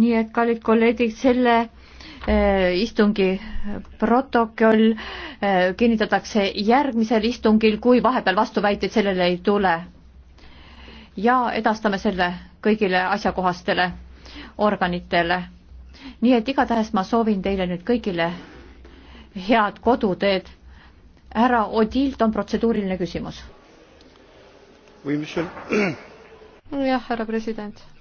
nii et kallid kolleegid, selle eh, istungi protokoll eh, kinnitatakse järgmisel istungil, kui vahepeal vastuväiteid sellele ei tule. ja edastame selle kõigile asjakohastele organitele. nii et igatahes ma soovin teile nüüd kõigile head koduteed. härra Odilt on protseduuriline küsimus. jah, härra president